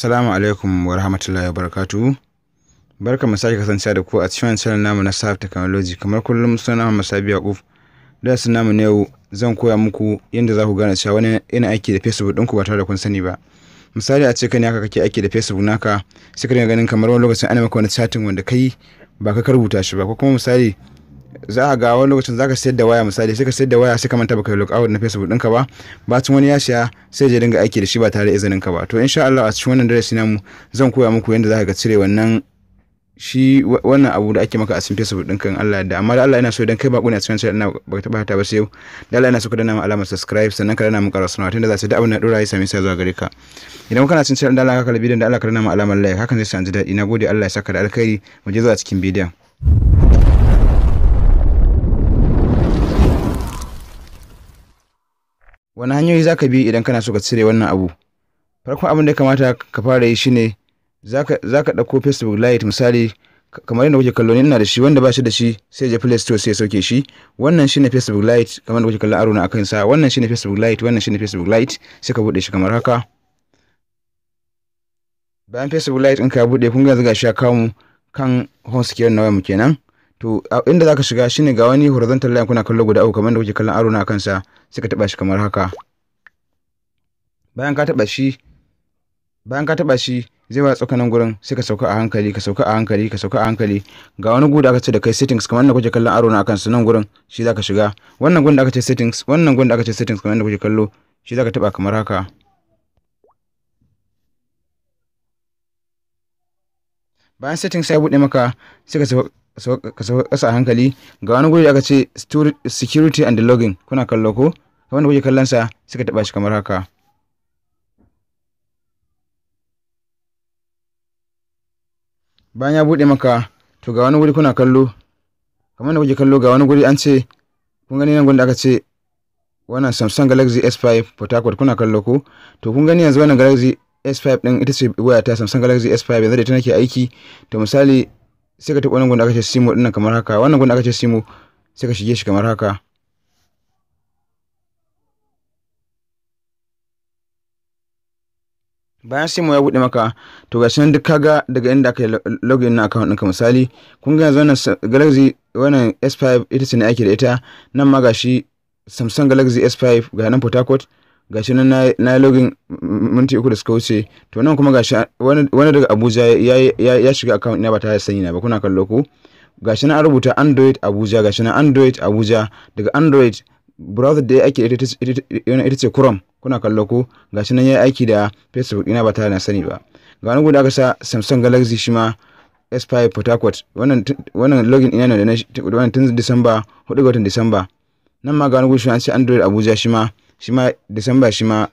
Assalamu alaikum wa rahmatullahi wa barakatuhu. Barka mu sake kasancewa da ku a cikin channel namu na Saf Technology. Kamar kullum suna namu Masabi Yakuf. Da sun namu na yau zan koya muku yadda za ku gane cewa wani yana aiki da Facebook ɗinku ba tare da kun sani ba. Misali a ce kai ne haka kake aiki da Facebook naka sai ka ganin kamar wani lokacin ana maka wani chatting wanda kai ba ka rubuta shi ba ko kuma misali za a ga wani lokacin za ka sayar da waya misali sai ka sayar da waya sai ka manta baka look out na facebook ɗinka ba bacin wani ya siya sai je dinga aiki da shi ba tare da izinin ka ba to insha Allah a cikin wannan darasi namu zan koya muku yadda za ka cire wannan shi wannan abu da ake maka a cikin facebook ɗinka in Allah da amma da Allah yana so idan kai ba ne a cikin channel ina baka taba hata ba sai yau da Allah yana so ka danna mu alamar subscribe sannan ka danna mu karatu sanarwa tunda za su da abin da dora ya sami sai zuwa gare ka idan kana cikin channel da Allah ka kalli bidiyon da Allah ka danna mu alamar like hakan zai sa an ji daɗi nagode Allah ya saka da alkhairi mu je zuwa cikin bidiyon wani hanyoyi za ka bi idan kana so ka cire wannan abu? Farkon abin da ya kamata ka fara yi shine za ka ɗauko Facebook light misali kamar yadda kuke kallo ni ina da shi wanda ba shi da shi sai ya je Play Store sai ya sauke shi wannan shine Facebook light kamar da kuke kallon aro na akan sa wannan shine Facebook light wannan shine Facebook light sai ka bude shi kamar haka bayan Facebook light in ka bude kun ga yanzu shi ya kawo mu kan home security na mu kenan to inda zaka shiga shine ga wani horizontal line kuna kallo guda uku kamar da kuke kallon aro na kansa sai ka taba shi kamar haka bayan ka taba shi bayan ka taba shi zai ba tsokanin gurin sai ka sauka a hankali ka sauka a hankali ka sauka a hankali ga wani gudu aka ce da kai settings kamar da kuke kallon aro na kansa nan gurin shi zaka shiga wannan gurin da aka ce settings wannan gurin da aka ce settings kamar da kuke kallo shi zaka taba kamar haka bayan settings ya bude maka sai ka ka sauka kasa a hankali ga wani guri aka ce security and logging kuna kallo ko wanda kuke kallon sa suka taba shi kamar haka bayan ya buɗe maka to ga wani guri kuna kallo kamar da kuke kallo ga wani guri an ce kun gani nan gwanda aka ce wannan samsung galaxy s5 port harcourt kuna kallo ko to kun gani yanzu wannan galaxy s5 din ita ce waya ta samsung galaxy s5 yanzu da ita nake aiki to misali sai ka taɓa wannan gunda aka ce simo ɗinnan kamar haka wannan gunda aka ce simo sai ka shige shi kamar haka bayan simo ya buɗe maka to ga nan duk kaga daga inda aka yi in na account ɗinka misali kun ga yanzu wannan galaxy wannan s5 ita ce ne ake da ita nan ma gashi samsung galaxy s5 ga nan port harcourt gashi nan na login minti uku da suka wuce to nan kuma gashi wani daga abuja ya shiga account ina ba ta sani na ba kuna kallo ku gashi nan an rubuta android abuja gashi nan android abuja daga android browser da ya ake ita ce chrome kuna kallo ko gashi nan ya aiki da facebook ina ba ta na sani ba ga wani guda aka sa samsung galaxy shi ma s5 port harcourt wannan login ina ne da wannan tun disamba 4 ga watan disamba nan ma ga wani guda shi an ce android abuja shi ma shi ma disamba shi ma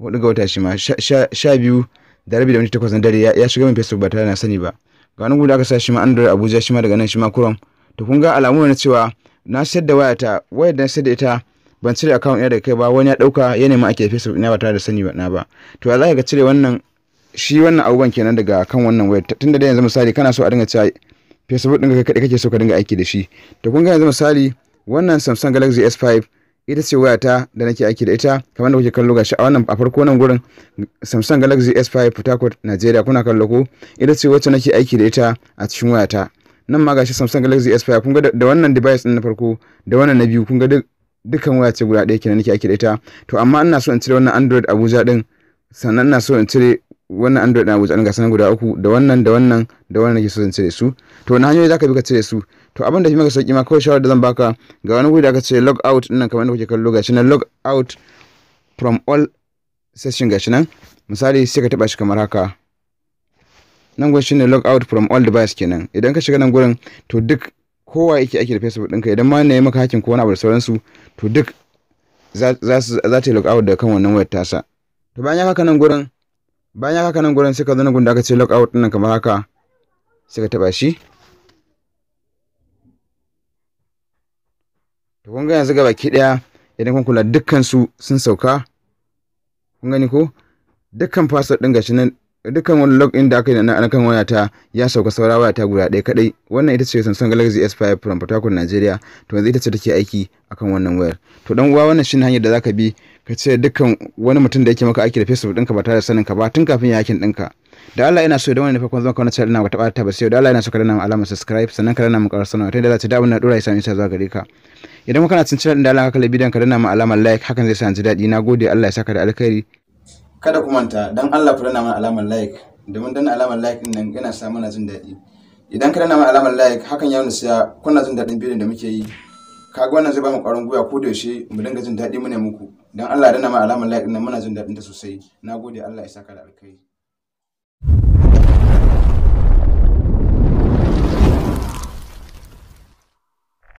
hudu ga wata shi ma sha biyu da rabi da minti takwas na dare ya shiga min facebook ba tare na sani ba ga wani guda aka sa shi ma android abuja shi ma daga nan shi ma kuram to kun ga alamu na cewa na sayar da ta wayar da na sayar da ita ban cire account ɗaya da kai ba wani ya ɗauka ya nema ake facebook ina ba tare da sani na ba to za ka cire wannan shi wannan abubuwan kenan daga kan wannan wayar tun da yanzu misali kana so a dinga cewa facebook ɗin kai kaɗai kake so ka dinga aiki da shi to kun ga yanzu misali wannan samsung galaxy s5 ita ce wayata da nake aiki da ita kamar da kuke kallo gashi a wannan a farko nan gurin Samsung Galaxy S5 Port Harcourt Nigeria kuna kallo ko ita ce wacce nake aiki da ita a cikin wayata nan ma gashi Samsung Galaxy S5 kun ga da wannan device din na farko da wannan na biyu kun ga dukkan waya ce guda ɗaya kenan nake aiki da ita to amma ina so in cire wannan Android Abuja din sannan ina so in cire wannan android na wuce ga sanan guda uku da wannan da wannan da wannan ke so in cire su to wani hanyoyi zaka bi ka cire su to abin da shi maka sauki ma kawai shawara da zan baka ga wani guri da aka ce log out din nan kamar da kuke kallo gashi nan log out from all session gashi nan misali sai ka taba shi kamar haka nan shi shine log out from all device kenan idan ka shiga nan gurin to duk kowa yake ake da facebook ɗinka idan ma ne maka hakin ko wani abu da sauransu to duk za ta yi log out da kan wannan wayar tasa to bayan ya haka nan gurin bayan ya haka nan gurin suka zo na gunda aka ce lockout ɗin kamar haka suka taɓa shi to kun ga yanzu ga baki daya idan kun kula dukkan su sun sauka kun gani ko dukkan password ɗin gashi nan dukkan wani login da aka yi na kan wayata ya sauka saura wayata guda ɗaya kaɗai wannan ita ce Samsung Galaxy S5 from Port Harcourt Nigeria to yanzu ita ce take aiki akan wannan wayar to dan uwa wannan shine hanyar da zaka bi ka ce dukkan wani mutum da yake maka aiki da facebook ɗinka ba tare da sanin ka ba tun kafin yakin ɗinka da Allah yana so idan wani farkon zan kawo channel na ba taɓa ta ba sai da Allah yana so ka dana alamar subscribe sannan ka dana mu ƙarar sanarwa ta da za ta da na dora ya sami sa zuwa gare ka idan kana cin channel da Allah ka kalli bidiyon ka dana mu alamar like hakan zai sa an ji daɗi na gode Allah ya saka da alkhairi kada ku manta dan Allah ku dana mu alamar like domin dan alamar like din nan yana sa mana jin daɗi idan ka dana mu alamar like hakan ya nuna kuna jin daɗin bidiyon da muke yi kaga wannan zai ba mu ƙwarin gwiwa ko da yaushe mu dinga jin daɗi mu ne muku don Allah dana ma alamar like din muna jin daɗin ta sosai nagode Allah ya saka da alkai